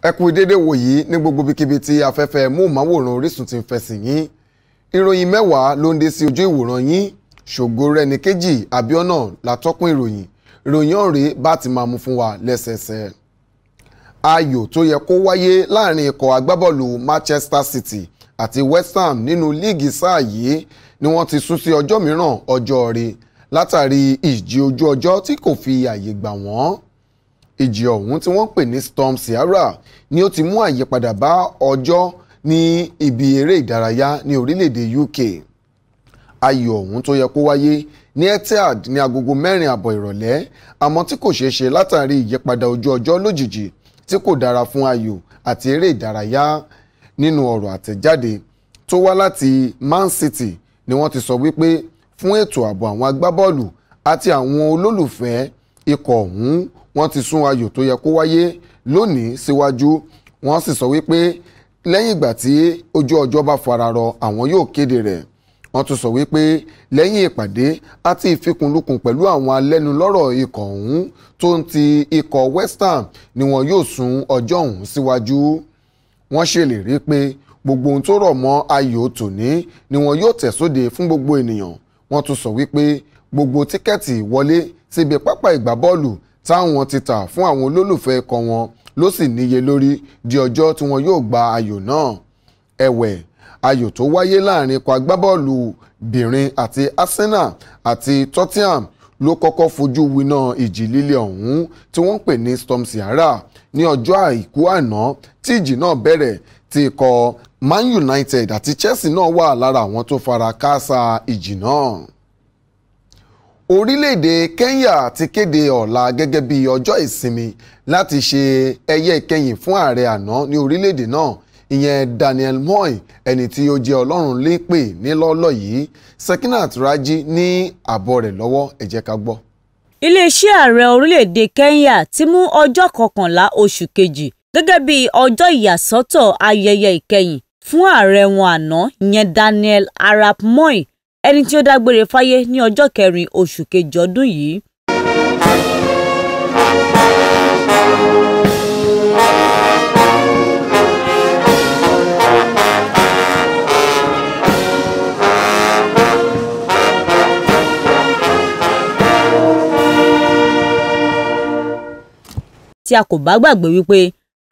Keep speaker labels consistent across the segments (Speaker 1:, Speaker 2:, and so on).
Speaker 1: ẹ kú dédé wò yìí ní gbogbo ibikíbi tí afẹ́fẹ́ móhùnmáwòrán Orísun ti ń fẹsìn yín ìròyìn mẹ́wàá ló ń dé sí ojú ìwòran yín ṣògo rẹni kejì Àbíọ́nà látọ́kùn ìròyìn ìròyìn ọ̀rẹ́ bá ti máa mú fún wa lẹ́sẹẹsẹ. ayò tó yẹ kó wáyé láàrin ikọ̀ agbábọ́ọ̀lù Manchester City àti West Ham nínú líìgì sáà yìí ni wọ́n ti sún sí ọjọ́ mìíràn ọjọ́ rẹ̀ látàrí ìjì ojú ọjọ́ tí kò fi àyè gbà wọ́n ìjì ọ̀hún tí wọ́n pè ní Storm Ciara ni ó ti mú àyípadà bá ọjọ́ ní ibi eré ìdárayá ní orílẹ̀-èdè UK ayò ọ̀hún tó yẹ kó wáyé ní Etihad ní agogo mẹ́rin àbọ̀ ìrọ̀lẹ́ àmọ́ tí kò ṣeé ṣe látàrí ìyípadà ojú ọjọ́ lójijì tí kò dára fún ayò àti eré ìdárayá nínú ọ̀rọ̀ àtẹ̀jáde tó wá láti Man City ni wọ́n ti sọ wípé fún ètò ààbò àwọn agbábọ́ọ̀lù àti àwọn olólùfẹ́ ikọ̀ ọ̀hún wọ́n ti sún ayò tó yẹ kó wáyé lónìí síwájú wọ́n sì sọ wípé lẹ́yìn ìgbà tí ojú ọjọ́ bá fararọ àwọn yóò kéde rẹ̀ wọ́n tún sọ wípé lẹ́yìn ìpàdé àti ìfikùnlukùn pẹ̀lú àwọn alẹ́nulọ́rọ̀ ikọ̀ ọ̀hún tó ń ti ikọ̀ West ni wọn yóò sún ọjọ́ ọ̀hún síwájú wọ́n ṣèlérí pé gbogbo ohun tó rọ̀ mọ́ ayò tòní ni wọn yóò tẹ̀sóde fún gbogbo ènìyàn wọ́n tún sọ wípé gbogbo tíkẹ́ẹ̀tì wọlé síbi pápá ìgbábọ́ọ̀lù táwọn ti tà fún àwọn olólùfẹ́ ikọ̀ wọn ló sì níye lórí di ọjọ́ tí wọn yóò gba ayò náà ẹ̀wẹ̀ ayò tó wáyé láàrin ikọ̀ agbábọ́ọ̀lù bìnrin àti Arsenal àti Tottenham ló kọ́kọ́ fojú winá ìjì líle ọ̀hún tí wọ́n ń pè ní Storm Sierra ní ọjọ́ àìkú àná tí ìjì náà bẹ̀rẹ̀ tí ikọ̀ Man United àti Chelsea náà wà lára àwọn tó fara káásá ìjì náà orílẹ̀-èdè Kenya ti kéde ọ̀la gẹ́gẹ́ bí ọjọ́ ìsinmi láti ṣe ẹyẹ ìkẹyìn fún ààrẹ àná ní orílẹ̀-èdè náà ìyẹn Daniel Moi ẹni tí ó jẹ́ ọlọ́run lépè nílọ́lọ́ yìí Sekinat Raji ní àbọ̀ rẹ̀ lọ́wọ́ ẹ ká gbọ́.
Speaker 2: iléeṣẹ́ ààrẹ orílẹ̀-èdè Kenya ti mú ọjọ́ kọkànlá oṣù kejì gẹ́gẹ́ bí ọjọ́ ìyàsọ́tọ̀ ayẹyẹ ìkẹyìn fún ààrẹ wọn àná ìyẹn Daniel Arap Moi ẹni tí ó dágbére fáyé ní ọjọ́ kẹrin oṣù kejì ọdún yìí. tí a kò bá gbàgbé wípé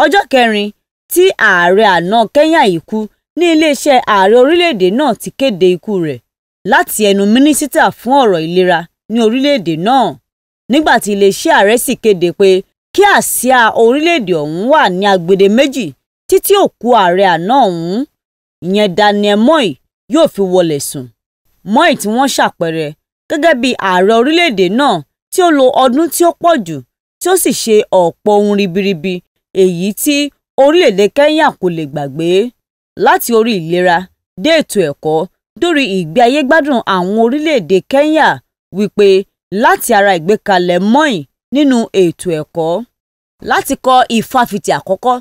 Speaker 2: ọjọ́ kẹrin tí ààrẹ àná Kẹ́nyà yìí kú ní iléeṣẹ́ ààrẹ orílẹ̀-èdè náà ti kéde ikú rẹ̀ láti ẹnu mínísítà fún ọ̀rọ̀ ìlera ní orílẹ̀-èdè náà nígbà tí iléeṣẹ́ ààrẹ sì kéde pé kí àsíá orílẹ̀-èdè ọ̀hún wà ní agbede méjì títí òkú ààrẹ àná ọ̀hún ìyẹn Daniel Moi yóò fi wọlẹ̀ sùn Moi tí wọ́n ṣàpẹẹrẹ gẹ́gẹ́ bí ààrẹ orílẹ̀-èdè náà tí ó lo ọdún tí ó pọ̀ jù tí ó sì ṣe ọ̀pọ̀ ohun ribiribi èyí tí orílẹ̀-èdè Kenya kò lè gbàgbé láti orí ìlera dé ètò ẹ̀kọ́ dórí ìgbé ayé gbádùn àwọn orílẹ̀-èdè Kenya wípé láti ara ìgbékalẹ̀ mọ́ìn nínú ètò ẹ̀kọ́ láti kọ́ ìfáfitì àkọ́kọ́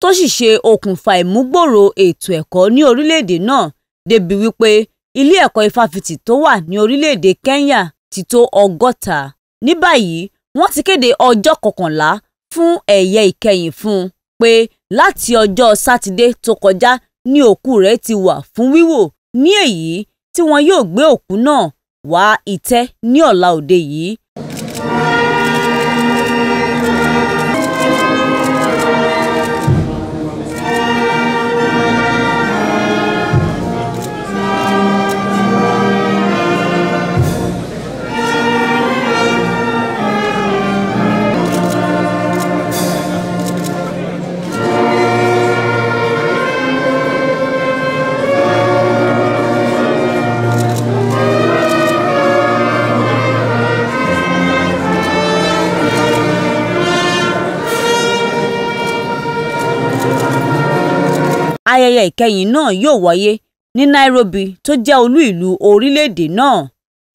Speaker 2: tó sì ṣe okùnfà ìmúgbòòrò ètò ẹ̀kọ́ ní orílẹ̀-èdè náà débi wípé ilé ẹ̀kọ́ ìfáfitì tó wà ní orílẹ̀-èdè Kenya ti tó ọgọ́ta ní báyìí wọ́n ti kéde ọjọ́ kọkànlá fún ẹ̀yẹ ìkẹyìn fún un pé láti ọjọ́ sátidé tó kọjá ní òkú rẹ̀ ti wà fún wíwò ní èyí tí wọn yóò gbé òkú náà wá ìtẹ́ ní ọ̀la òde yìí Ayẹyẹ ìkẹyìn náà yóò wáyé ní Nairobi tó jẹ́ olú ìlú orílẹ̀-èdè náà.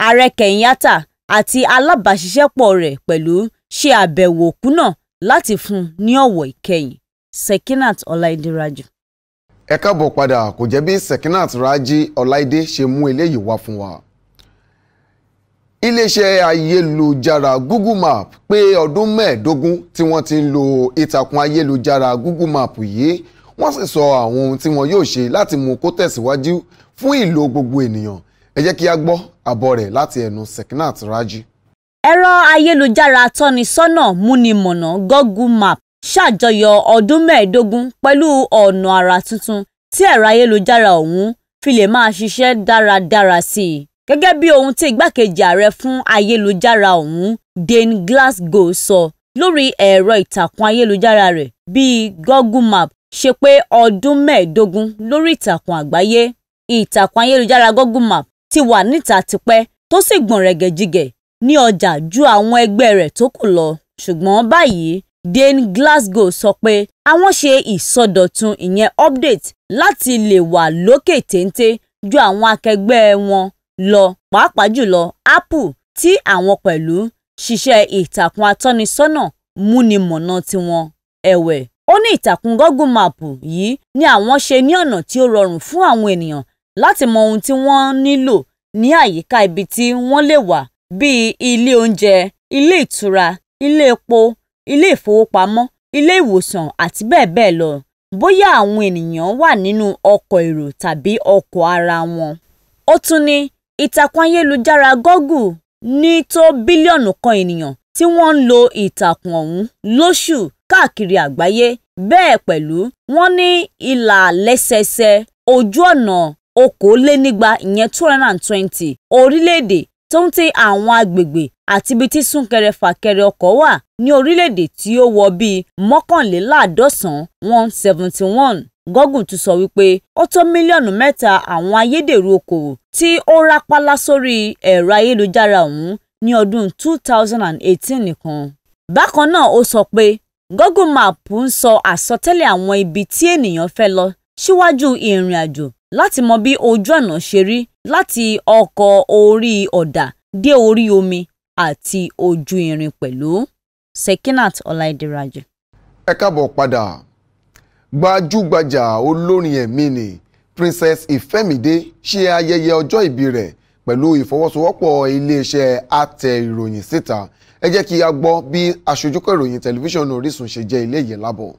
Speaker 2: Ààrẹ Kenyatta àti alábàáṣiṣẹ́pọ̀ rẹ̀ pẹ̀lú ṣe àbẹ̀wò òkú náà láti fún un ní ọ̀wọ̀ ìkẹyìn. Sekinat Ọláìdé Rájí.
Speaker 1: Ẹ káàbọ̀ padà kò jẹ́ bí Sekinat Rájí Ọláìdé ṣe mú eléyìí wá fún wa. Iléeṣẹ́ ayélujára Google Map pé ọdún mẹ́ẹ̀ẹ́dógún tí wọ́n ti ń lo ìtàkùn ayélujára Google Map yìí wọ́n sì sọ àwọn ohun tí wọn yóò ṣe láti mú kó tẹ̀síwájú fún ìlò gbogbo ènìyàn ẹ jẹ́ kí a gbọ́ àbọ̀ rẹ̀ láti ẹnu Sekinat Raji.
Speaker 2: ẹ̀rọ ayélujára tọ́nisọ́nà múnimọ̀nà Google Map ṣàjọyọ̀ ọdún mẹ́ẹ̀ẹ́dógún pẹ̀lú ọ̀nà àrà tuntun tí ẹ̀rọ ayélujára ọ̀hún fi lè máa ṣiṣẹ́ dáradára sí i gẹ́gẹ́ bí ohun tí igbákejì ààrẹ fún ayélujára ọ̀hún Dane Glasgow sọ lórí ẹ̀rọ ìtàkùn ayélujára rẹ̀ bíi Google Map ṣe pé ọdún mẹ́ẹ̀ẹ́dógún lórí ìtàkùn àgbáyé ìtàkùn ayélujára Google Map ti wà níta tipẹ́ tó sì gbọ̀n rẹ̀gẹ̀jigẹ̀ ní ọjà ju àwọn ẹgbẹ́ rẹ̀ tó kù lọ ṣùgbọ́n báyìí Dane Glasgow sọ pé àwọn ṣe ìsọdọ̀tun ìyẹn update láti lè wà lókè téńté ju àwọn akẹgbẹ́ wọn lọ pàápàá jùlọ Apple tí àwọn pẹ̀lú ṣiṣẹ́ ìtàkùn atọ́nisọ́nà múnimọ̀nà tiwọn ẹ̀wẹ̀ ó ní ìtàkùn google máàpù yìí ni àwọn ṣe ní ọ̀nà tí ó rọrùn fún àwọn ènìyàn láti mọ ohun tí wọ́n nílò ní àyíká ibi tí wọ́n lè wà bíi ilé oúnjẹ ilé ìtura ilé epo ilé ìfowópamọ́ ilé ìwòsàn àti bẹ́ẹ̀ bẹ́ẹ̀ lọ bóyá àwọn ènìyàn wà nínú ọkọ̀ èrò tàbí ọkọ̀ ara wọn. ó tún ní ìtàkùn ayélujára google ní tó bílíọ̀nù kan ènìyàn tí wọ́n ń lo ìtàkùn ọ̀hún lóṣù káàkiri àgbáyé bẹ́ẹ̀ pẹ̀lú wọ́n ní ìlàlẹ́sẹsẹ ojú ọ̀nà okòólénígba ìyẹn two hundred and twenty orílẹ̀-èdè tó ń tẹ àwọn agbègbè àti ibi tí súnkẹrẹ fàkẹrẹ ọkọ̀ wà ní orílẹ̀-èdè tí ó wọ bíi mọ́kànléláàádọ́sàn-án one seventy one Google tún sọ wípé ó tó mílíọ̀nù mẹ́ta àwọn ayédèrú okòwò tí ó rápálá sórí ẹ̀rọ ayélujára ọ̀hún ní ọdún 2018 nìkan. bákan náà ó sọ pé Google Map ń sọ àsọtẹ́lẹ̀ àwọn ibi tí ènìyàn fẹ́ lọ síwájú ìrìn àjò láti mọ bí ojú ọ̀nà ṣe rí láti ọkọ̀ orí ọ̀dà dé orí omi àti ojú irin pẹ̀lú. Sekinat Ọláìdíraje.
Speaker 1: ẹ káàbọ̀ padà gbajúgbajà olórin ẹ̀mí ni Princess Ifemide ṣe ayẹyẹ ọjọ́ ìbí rẹ̀ pẹ̀lú ìfọwọ́sowọ́pọ̀ iléeṣẹ́ àtẹ ìròyìn síta ẹ jẹ́ kí a gbọ́ bí aṣojúkọ̀ ìròyìn tẹlifíṣàn Orísun ṣe jẹ́ eléyìí lábọ̀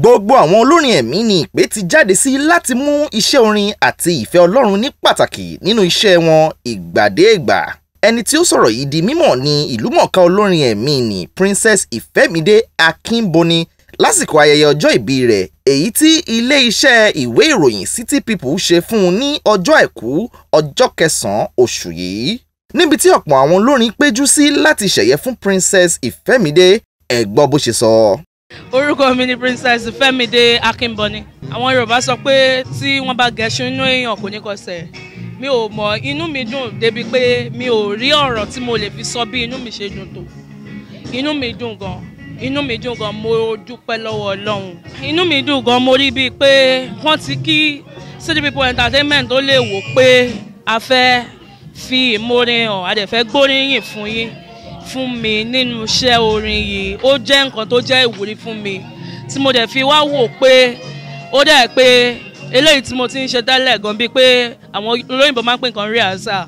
Speaker 3: gbogbo àwọn olórin ẹ̀mí ni ìpè ti jáde sí láti mú iṣẹ́ orin àti ìfẹ́ Ọlọ́run ní pàtàkì nínú iṣẹ́ wọn ìgbàdégbà ẹni tí ó sọ̀rọ̀ yìí di mímọ̀ ni ìlúmọ̀ọ́ká olórin ẹ̀mí ni Princess Ìfẹ́mídé Akínbóni lásìkò ayẹyẹ ọjọ́ ìbí rẹ̀ èyí tí ilé-iṣẹ́ ìwé ìròyìn City People ṣe fún un ní ọjọ́ àìkú ọjọ́ kẹsàn-án oṣù yìí níbi tí ọ̀pọ̀ àwọn olórin péjú sí láti ṣẹ̀yẹ fún Princess Ìfẹ́mídé ẹ gbọ́ bó ṣe sọ.
Speaker 4: orúkọ mi ni Princess Ìfẹ́mídé Akínbọ́ní àwọn Yorùbá sọ pé tí wọ́n bá gẹṣin inú èèyàn kò ní kọsẹ̀ mi ò mọ inú mi dùn débi pé mi ò rí ọ̀rọ̀ tí mo lè fi sọ bí inú mi ṣe dùn tó inú mi dùn gan-an inú mi dùn gan mo dúpẹ́ lọ́wọ́ ọlọ́run inú mi dùn gan mo rí bíi pé wọ́n ti kí city people entertainment tó lè wò pé a fẹ́ fi ìmoore hàn a dẹ̀ fẹ́ gbóríyìn fún yín fún mi nínú iṣẹ́ orin yìí ó jẹ́ nǹkan tó jẹ́ ìwúrí fún mi tí mo dẹ̀ fi wá wò pé ó dẹ̀ pé eléyìí tí mo ti ń ṣe tẹ́lẹ̀ gan bíi pé àwọn olóyìnbó máa ń pè nǹkan rí àṣà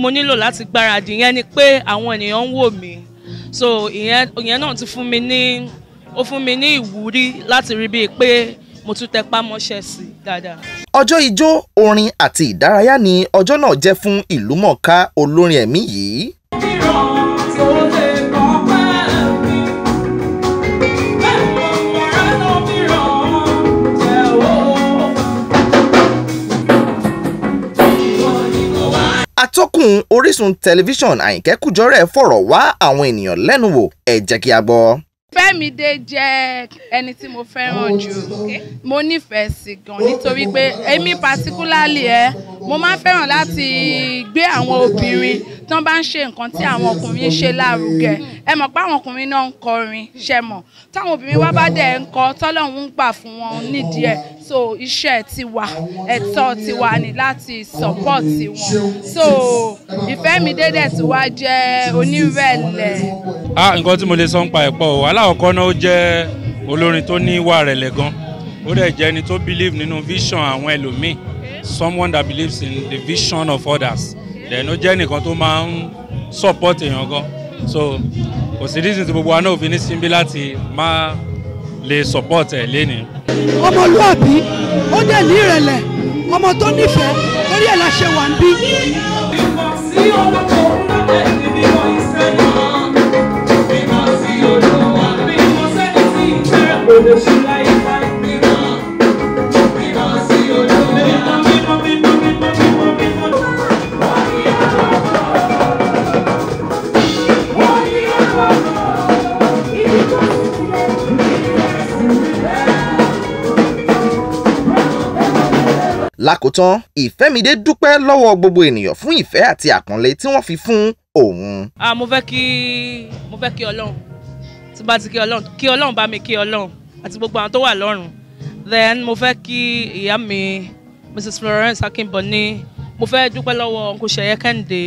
Speaker 4: mo nílò láti gbáradì yẹn ni pé àwọn ènìyàn ń wò mí so ìyẹn ìyẹn náà ti fún mi ní ó fún mi ní ìwúrí láti rí bíi pé mo tún tẹpá mọ́ṣẹ́ sí i dáadáa.
Speaker 3: ọjọ́ ijó orin àti ìdárayá ni ọjọ́ náà jẹ́ fún ìlúmọ̀ọ́ká olórin ẹ̀mí yìí atọ́kùn Orísun tẹlifíṣàn Àyìnkẹ́ Kújọ́rẹ́ fọ̀rọ̀ wá àwọn ènìyàn lẹ́nu wò ẹ jẹ́ kí a gbọ́.
Speaker 4: Fẹ́mídé jẹ́ ẹni tí mo fẹ́ràn jù mo nífẹ̀ẹ́ sí gan nítorí pé èmi particularly ẹ mo máa ń fẹ́ràn láti gbé àwọn obìnrin tí wọ́n bá ń ṣe nǹkan tí àwọn ọkùnrin ṣe lárugẹ ẹ mọ̀ pé àwọn ọkùnrin náà ń kọrin ṣe mọ̀ táwọn obìnrin wá bá dẹ̀ ń kọ tọ́lọ́hún ń gbà fún wọn nídìí ẹ̀ so iṣẹ́ tiwa ẹ̀tọ́ tiwa ni láti support wọn so ìfẹ́mi dédé tiwa jẹ́ onírẹ̀lẹ̀. ah nǹkan tí mo lè sọ ń pa ẹ̀pọ̀ o aláwọ̀kọ́ náà ó jẹ́ olórin tó ní ìwà rẹ̀lẹ̀ gan ó dẹ̀ jẹ́ ẹni tó believe nínú vision àwọn ẹlòmíì someone that believes in the vision of others then ó jẹ́ nìkan tó máa ń support èèyàn gan so kò sí reason tí gbogbo wa náà ò fi ní síbi láti máa lè support ẹ̀ lẹ́ni. ọmọlúàbí ó dẹ̀ ní ìrẹ̀lẹ̀ ọmọ tó nífẹ̀ẹ́ torí ẹ̀ la wà ń bí. ìmọ̀ sí
Speaker 3: lákòótán ìfẹ́midé dúpẹ́ lọ́wọ́ gbogbo ènìyàn fún ìfẹ́ àti àpọ́nlé tí wọ́n fi fún òun.
Speaker 4: ah mo fẹ́ kí mo fẹ́ kí ọlọ́run tí bá ti kí ọlọ́run kí ọlọ́run bá mi kí ọlọ́run àti gbogbo àwọn tó wà lọ́run then mo fẹ́ kí ìyá mi mrs florence akínbọ̀ní mo fẹ́ dúpẹ́ lọ́wọ́ uncle ṣẹ̀yẹ kẹ́hìndé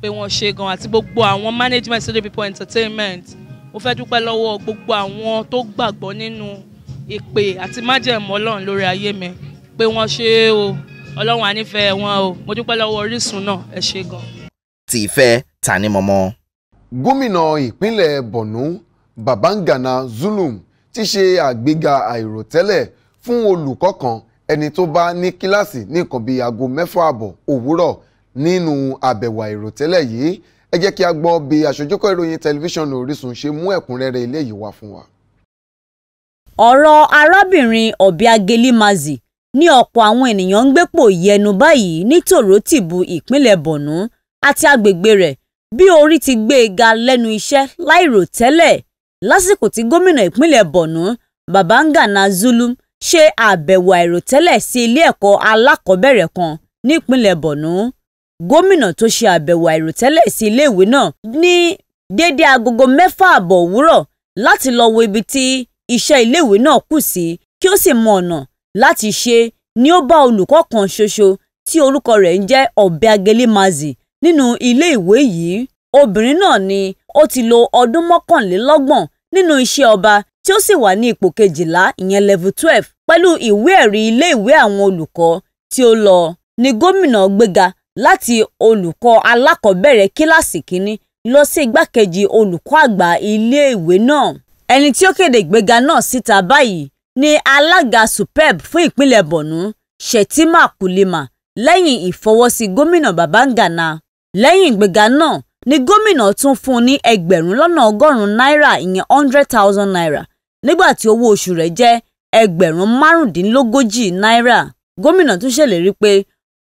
Speaker 4: pé wọ́n ṣe gan àti gbogbo àwọn management studio people entertainment mo fẹ́ dúpẹ́ lọ́wọ́ gbogbo àwọn tó gbàgbọ́ nínú ìpè àti májẹ̀mọ́ ọlọ́run lórí ayé mi pé wọ́n ṣe é o ọlọ́run ànífẹ́ wọn o mo dúpẹ́ lọ́wọ́ Orísun náà ẹ ṣe gan.
Speaker 3: ti ìfẹ́ ta ni mọ̀mọ́.
Speaker 1: gómìnà ìpínlẹ̀ Borno Babangana Zulum ti ṣe àgbéga àìròtẹ́lẹ̀ fún olùkọ́ kan ẹni tó bá ní kíláàsì ní nǹkan bíi aago mẹ́fà àbọ̀ òwúrọ̀ nínú àbẹ̀wò àìròtẹ́lẹ̀ yìí ẹ jẹ́ kí a gbọ́ bí aṣojúkọ̀ ìròyìn tẹlifíṣàn Orísun ṣe mú ẹ̀kúnrẹ́rẹ́ eléyìí wá fún wa.
Speaker 2: ọ̀rọ̀ arábìnrin Obiageli Mazi ni ọ̀pọ̀ àwọn ènìyàn ń gbépò ìyẹnu báyìí ní tòrótìbù ìpínlẹ̀ bọ̀nú àti agbègbè rẹ̀ bí orí ti gbé e ga lẹ́nu iṣẹ́ láìròtẹ́lẹ̀ lásìkò tí gómìnà ìpínlẹ̀ bọ̀nú Babangana Zulum ṣe àbẹ̀wò àìròtẹ́lẹ̀ sí ilé ẹ̀kọ́ alákọ̀ọ́bẹ̀rẹ̀ kan nípínlẹ̀ bọ̀nú gómìnà tó ṣe àbẹ̀wò àìròtẹ́lẹ̀ sí iléèwé náà ní dédé agogo mẹ́fà àbọ̀ òwúrọ̀ láti lọ wo ibi tí iṣẹ́ iléèwé náà kù sí kí ó sì mọ ọ̀nà láti ṣe ni ó bá olùkọ́ kan ṣoṣo tí orúkọ rẹ̀ ń jẹ́ Obiageli-Mazi nínú ilé ìwé yìí obìnrin náà ni ó ti lo ọdún mọ́kànlélọ́gbọ̀n nínú iṣẹ́ ọba tí ó sì wà ní ipò kejìlá ìyẹn level twelve pẹ̀lú ìwé ẹ̀rí ilé ìwé àwọn olùkọ́ tí ó lọ ni gómìnà gbéga láti olùkọ́ alákọ̀ọ́bẹ̀rẹ̀ kíláàsì kínní lọ sí igbákejì olùkọ́ àgbà ilé ìwé náà ẹni tí ó kéde ìgbéga náà síta báyìí ni alága supeb fún ìpínlẹ̀ borno shettima kulima lẹ́yìn ìfọwọ́sí gómìnà babangana lẹ́yìn ìgbéga náà ni gómìnà tún fún un ní ẹgbẹ̀rún lọ́nà ọgọ́rùn-ún náírà ìyẹn hundred thousand naira nígbà tí owó oṣù rẹ̀ jẹ́ ẹgbẹ̀rún márùndínlógójì náírà gómìnà tún ṣèlérí pé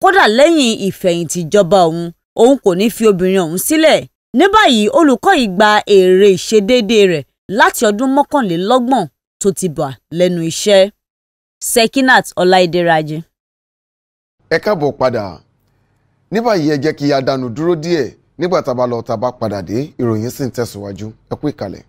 Speaker 2: kódà lẹ́yìn ìfẹ̀yìntì ìjọba òun òun kò ní fi obìnrin ọ̀hún sílẹ̀ ní báyìí olùkọ́ yìí gba èrè ìṣedéédé rẹ̀ láti ọdún mọ́kànlélọ́gbọ̀n tó ti bà lẹ́nu iṣẹ́ Sekinat Ọláìdéraji.
Speaker 1: ẹ káàbọ̀ padà ní báyìí ẹ jẹ́ kí a dánu dúró díẹ̀ nígbà tá a bá lọ tá a bá padà dé ìròyìn sì ń tẹ̀síwájú ẹ kú ìkàlẹ̀.